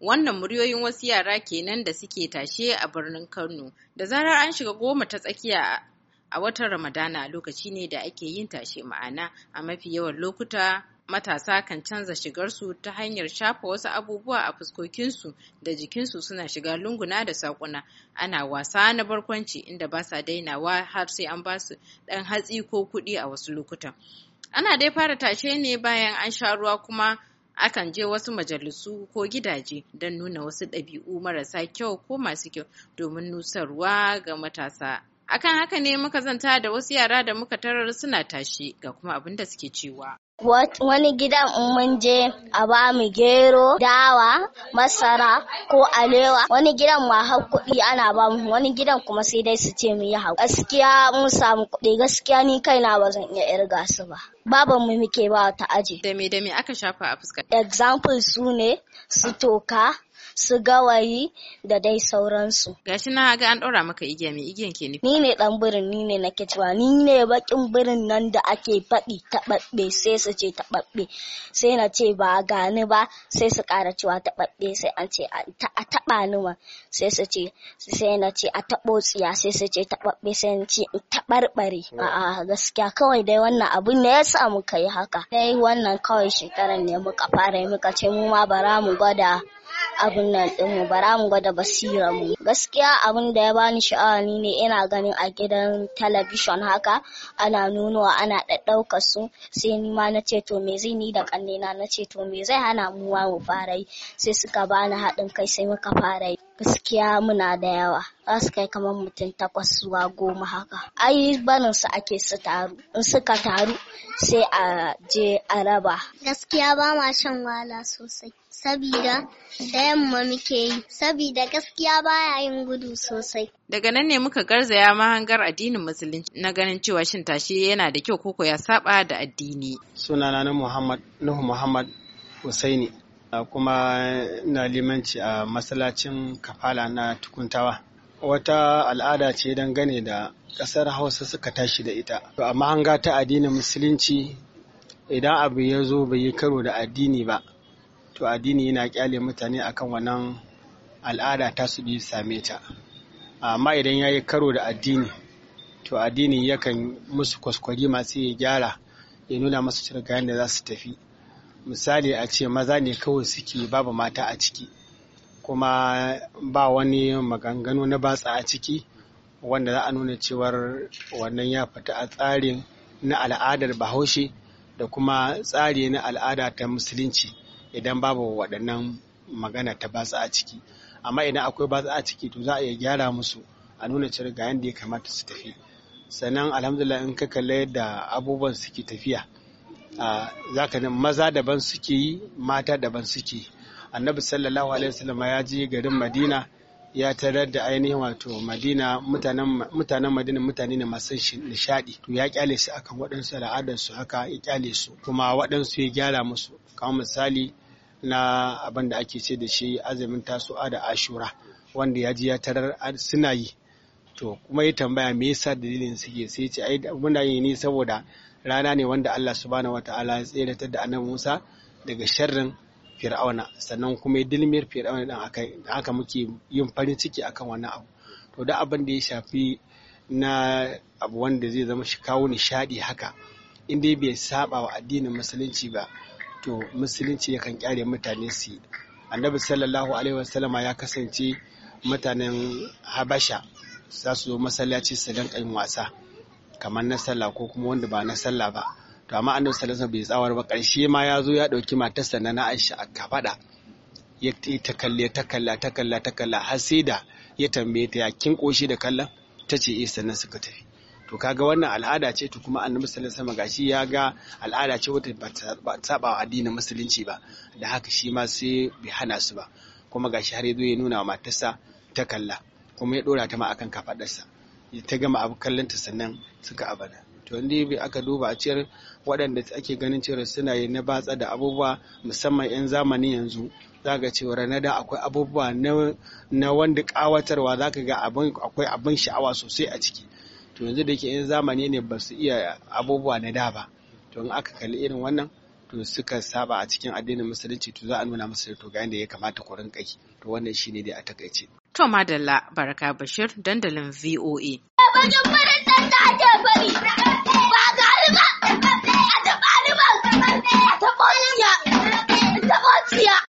Wannan muryoyin wasu yara kenan da suke tashe a birnin Kano. Da zarar an shiga goma ta tsakiya a watan Ramadana lokaci ne da ake yin tashe ma'ana a mafi yawan lokuta matasa kan canza shigarsu ta hanyar shafa wasu abubuwa a fuskokinsu da jikinsu suna shiga lunguna da saƙuna ana wasa na barkwanci inda ba sa dainawa har sai an basu su ɗan hatsi ko kuɗi a wasu lokutan ana dai fara tashe ne bayan an sha ruwa kuma akan je wasu majalisu ko gidaje don nuna wasu ɗabi'u marasa kyau ko masu kyau domin nusarwa ga matasa Akan haka ne muka zanta da wasu yara da muka tarar suna tashi ga kuma abin da suke cewa. Wani gidan in mun je a ba mu gero, dawa, masara ko alewa. Wani gidan ma har kuɗi ana ba mu, wani gidan kuma sai dai su ce mu yi hau. Gaskiya mun samu kuɗi, gaskiya ni kaina ba zan iya irga su ba. Baban mu muke ba ta aji. Dame-dame aka shafa a fuska? Example su ne su toka, su gawayi da dai sauransu. Gashi na ga an ɗora maka igiya mai igiyan ke nufi. Ni ne ɗan birin ni ne na cewa ni ne baƙin birin nan da ake faɗi taɓaɓɓe sai su ce taɓaɓɓe sai na ce ba gani ba sai su ƙara cewa taɓaɓɓe sai an ce a taɓa ni ma sai su ce sai na ce a taɓo tsiya sai su ce taɓaɓɓe sai na ce in taɓarɓare. A'a gaskiya kawai dai wannan abu ne ya sa muka yi haka. Sai wannan kawai shekaran ne muka fara muka ce mu ma bara mu gwada Abin nan ɗinmu bara mu gwada basirar mu gaskiya abun da ya bani sha'awa ni ne ina ganin a gidan talabishon haka ana nunuwa ana ɗaɗɗaukar su sai ni ma na ce to me zai ni da ƙannena na ce to me zai hana mu ma mu fara yi sai suka bani haɗin kai sai muka fara yi gaskiya muna da yawa za su kai kamar mutum takwas zuwa goma haka ai barin su ake su taru in suka taru sai a je a raba gaskiya ba ma shan wala sosai sabida da yamma muke yi sabida gaskiya baya yin gudu sosai daga nan ne muka garzaya mahangar addinin musulunci na ganin cewa shin tashe yana da kyau koko ya saba da addini Suna na muhammad nuhu muhammad husaini kuma na limanci a masallacin kafala na tukuntawa wata al'ada ce dangane da ƙasar hausa suka tashi da ita to amma mahanga ta addinin musulunci idan abu ya zo bai yi karo da addini ba to addini yana kyale mutane akan wannan al'ada ta su biyu same ta amma idan ya yi karo da addini to addini yakan musu kwaskwari masu ya gyara ya nuna masu cirgayen da za su tafi misali a ce maza ne kawai suke babu mata a ciki kuma ba wani maganganu na batsa a ciki wanda za a nuna cewar wannan ya fita a tsarin na al'adar bahaushe da kuma tsari na al'ada ta musulunci idan babu waɗannan magana ta batsa a ciki amma idan akwai batsa a ciki to za a iya gyara musu a nuna cewa ga yadda ya kamata su tafi sannan alhamdulillah in ka kalla yadda abubuwan suke tafiya za ka maza daban suke yi mata daban suke annabi sallallahu alaihi wasallam ya je garin madina ya tarar da ainihin wato madina mutanen madina mutane ne masu nishadi to ya kyale su akan waɗansu al'adarsu haka ya kyale su kuma waɗansu ya gyara musu kamar misali na abin da ake ce da shi azumin tasu'a da ashura wanda ya ji ya tarar suna yi to kuma ya tambaya me yasa dalilin suke sai ce ai muna yi ne saboda rana ne wanda Allah subhanahu wataala ya tseratar da annabi Musa daga sharrin Fir'auna sannan kuma ya dilmir Fir'auna dan akai haka muke yin farin ciki akan wannan abu to da abin da ya shafi na abu wanda zai zama shi kawo nishadi haka in dai bai saba wa addinin musulunci ba to musulunci yakan kyare mutane su annabi sallallahu alaihi wasallama ya kasance mutanen habasha za su zo masallaci su danka yin wasa kamar na sallah ko kuma wanda ba na sallah ba to amma annabi sallallahu alaihi bai tsawar ba karshe ma ya zo ya dauki matarsa na Aisha a kafada ya ta kalle ta kalla ta kalla ta kalla har sai da ya tambaye ta ya kin koshi da kallon ta ce eh sannan suka tafi to kaga wannan al'ada ce to kuma annabi sallallahu alaihi gashi ya ga al'ada ce wata ba saba addinin musulunci ba da haka shi ma sai bai hana su ba kuma gashi har yazo ya nuna wa matarsa ta kalla kuma ya dora ta ma akan kafadarsa ta gama abu kallonta sannan suka abada to inda bai aka duba a ciyar waɗanda ake ganin cewar suna yi na batsa da abubuwa musamman 'yan zamanin yanzu za ga cewa na da akwai abubuwa na wanda ƙawatarwa za ka ga akwai abin sha'awa sosai a ciki to yanzu da yake in zamani ne ba su iya abubuwa na da ba to in aka kalli irin wannan to suka saba a cikin addinin musulunci to za a nuna musu to ga yadda ya kamata ku rinka yi to wannan shine dai a takaice to madalla baraka bashir dandalin VOA